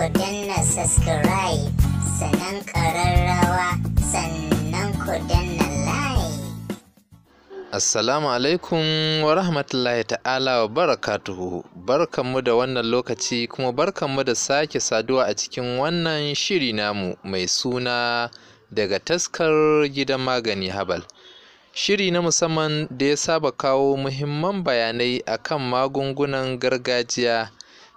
ku danna subscribe sannan ƙararrawa sannan ku danna Assalamu alaikum wa rahmatullahi ta'ala wa barakatuhu barkanmu da wannan lokaci kuma barkanmu da sake saduwa a cikin wannan shiri namu mai suna daga taskar gidan magani habal. Shiri na musamman da ya saba kawo muhimman bayanai akan magungunan gargajiya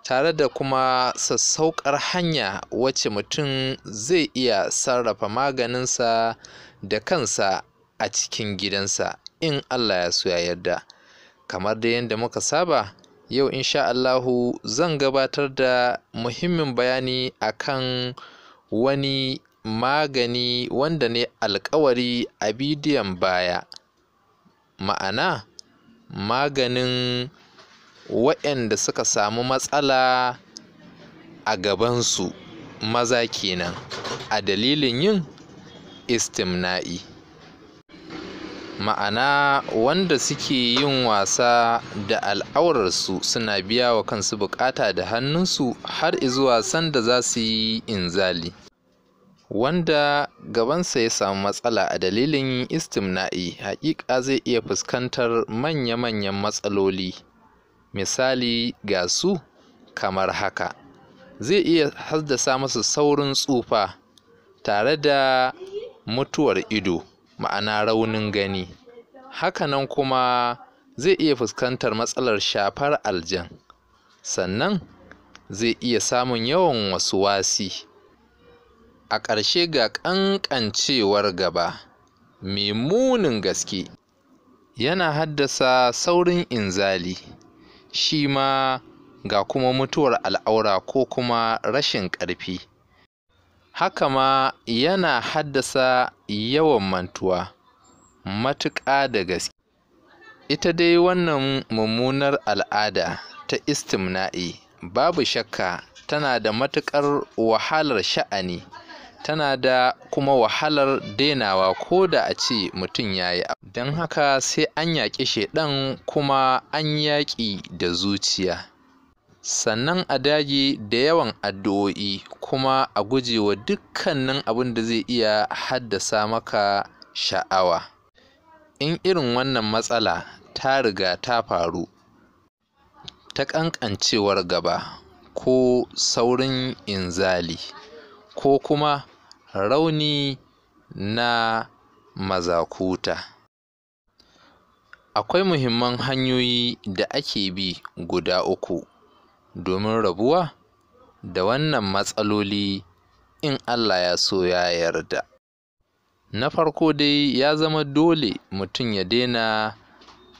tare da kuma sassauƙar hanya wacce mutum zai iya sarrafa maganinsa da kansa a cikin gidansa in Allah ya so ya yarda kamar da yadda muka saba yau insha Allahu zan gabatar da muhimmin bayani akan wani magani wanda ne alkawari a bidiyon baya ma'ana maganin waɗanda suka samu matsala a gabansu maza kenan a dalilin yin istimna'i ma'ana wanda suke yin wasa da al'aurarsu suna biya wa kansu buƙata da hannunsu har izuwa sanda za su yi inzali wanda gabansa ya samu matsala a dalilin istimna'i haƙiƙa zai iya fuskantar manya-manyan matsaloli misali ga su kamar haka zai iya haddasa masu saurin tsufa tare da mutuwar ido ma'ana raunin gani hakanan kuma zai iya fuskantar matsalar shafar aljan sannan zai iya samun yawan wasu wasi a ƙarshe ga ƙanƙancewar gaba mai munin gaske yana haddasa saurin inzali shi ma ga kuma mutuwar al'aura ko kuma rashin ƙarfi haka ma yana haddasa yawan mantuwa matuƙa da gaske ita dai wannan mummunar al'ada ta istimna'i babu shakka tana da matuƙar wahalar sha'ani tana da kuma wahalar dainawa ko da a ce mutum ya yi don haka sai an yaƙi shaiɗan kuma an yaƙi da zuciya sannan a dage da yawan addu'o'i kuma a guje wa dukkanin abin da zai iya haddasa maka sha'awa in irin wannan matsala ta riga ta faru ta ƙanƙancewar gaba ko saurin inzali ko kuma rauni na mazakuta. Akwai muhimman hanyoyi da ake bi guda uku domin rabuwa da wannan matsaloli in Allah ya so ya yarda. Na farko dai ya zama dole mutum ya daina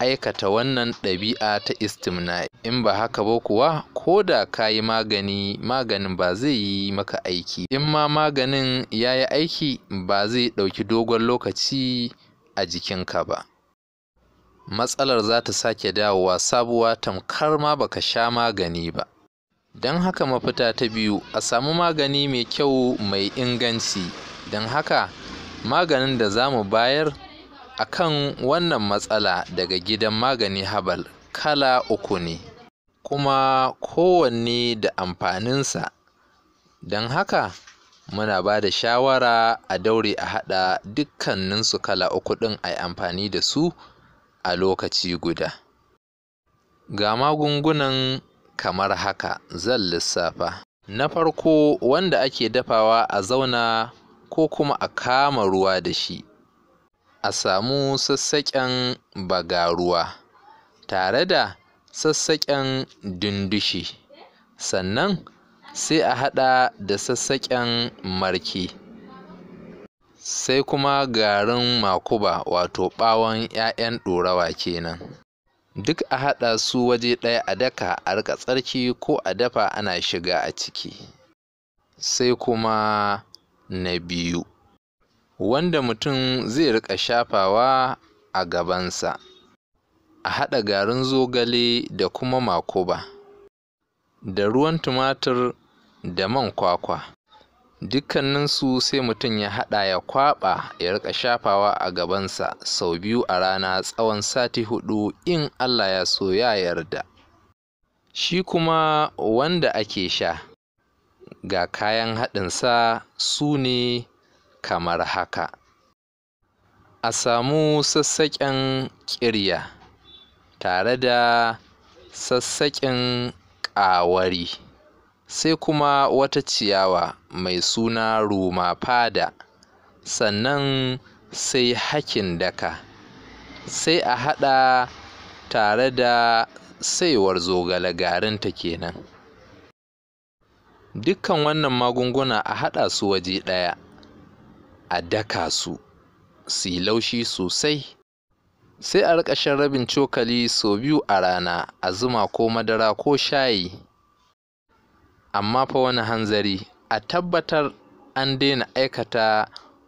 aikata wannan ɗabi'a ta istimna in ba haka ba kuwa ko da ka yi magani maganin ba zai yi maka aiki, in ma maganin ya yi aiki ba zai ɗauki dogon lokaci a jikinka ba. Matsalar za ta sake dawowa sabuwa tamkar ma baka sha magani ba. Don haka mafita ta biyu a samu magani mai kyau mai inganci, don haka maganin da za mu bayar akan wannan matsala daga gidan magani habal kala uku ne, kuma kowanne da amfaninsa, don haka muna ba da shawara a daure a haɗa dukkaninsu kala uku ɗin a yi amfani da su a lokaci guda. Ga magungunan kamar haka zan lissafa. Na farko wanda ake dafawa a zauna ko kuma a kama ruwa da shi a samu sassaƙen bagaruwa tare da sassaƙen dundushi, sannan sai a haɗa da sassaƙen marke, sai kuma garin makuba wato ɓawon ‘ya'yan ɗorawa kenan. Duk a haɗa su waje ɗaya a daka a riƙa tsarki ko a dafa ana shiga a ciki. Sai kuma na biyu. wanda mutum zai riƙa shafawa a gabansa a haɗa garin zogale da kuma makuba da ruwan tumatir da man kwakwa dukkaninsu sai mutum ya haɗa ya kwaɓa ya riƙa shafawa a gabansa sau biyu a rana tsawon sati huɗu in allah ya so ya yarda shi kuma wanda ake sha ga kayan haɗinsa su ne kamar haka a samu sassaƙen ƙirya tare da sassaƙen ƙawari sai kuma wata ciyawa mai suna ruma fada sannan sai hakin daka sai a haɗa tare da saiwar zogale garinta kenan dukkan wannan magunguna a haɗa su waje ɗaya a daka su su yi laushi sosai sai a riƙa shan rabin cokali sau biyu a rana a zuma ko madara ko shayi amma fa wani hanzari a tabbatar an daina aikata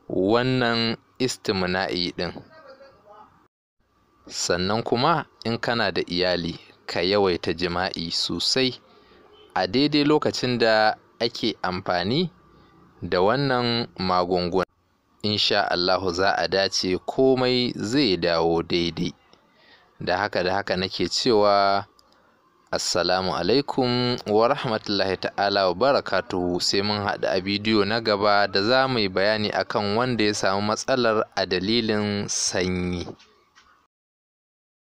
wannan istimna'i ɗin sannan kuma in kana da iyali ka yawaita jima'i sosai a daidai lokacin da ake amfani da wannan magunguna insha Allahu za a dace komai zai dawo daidai da haka da haka nake cewa assalamu alaikum wa rahmatullahi ta'ala wa barakatuhu sai mun haɗu a bidiyo na gaba da za mu yi bayani akan wanda ya samu matsalar a dalilin sanyi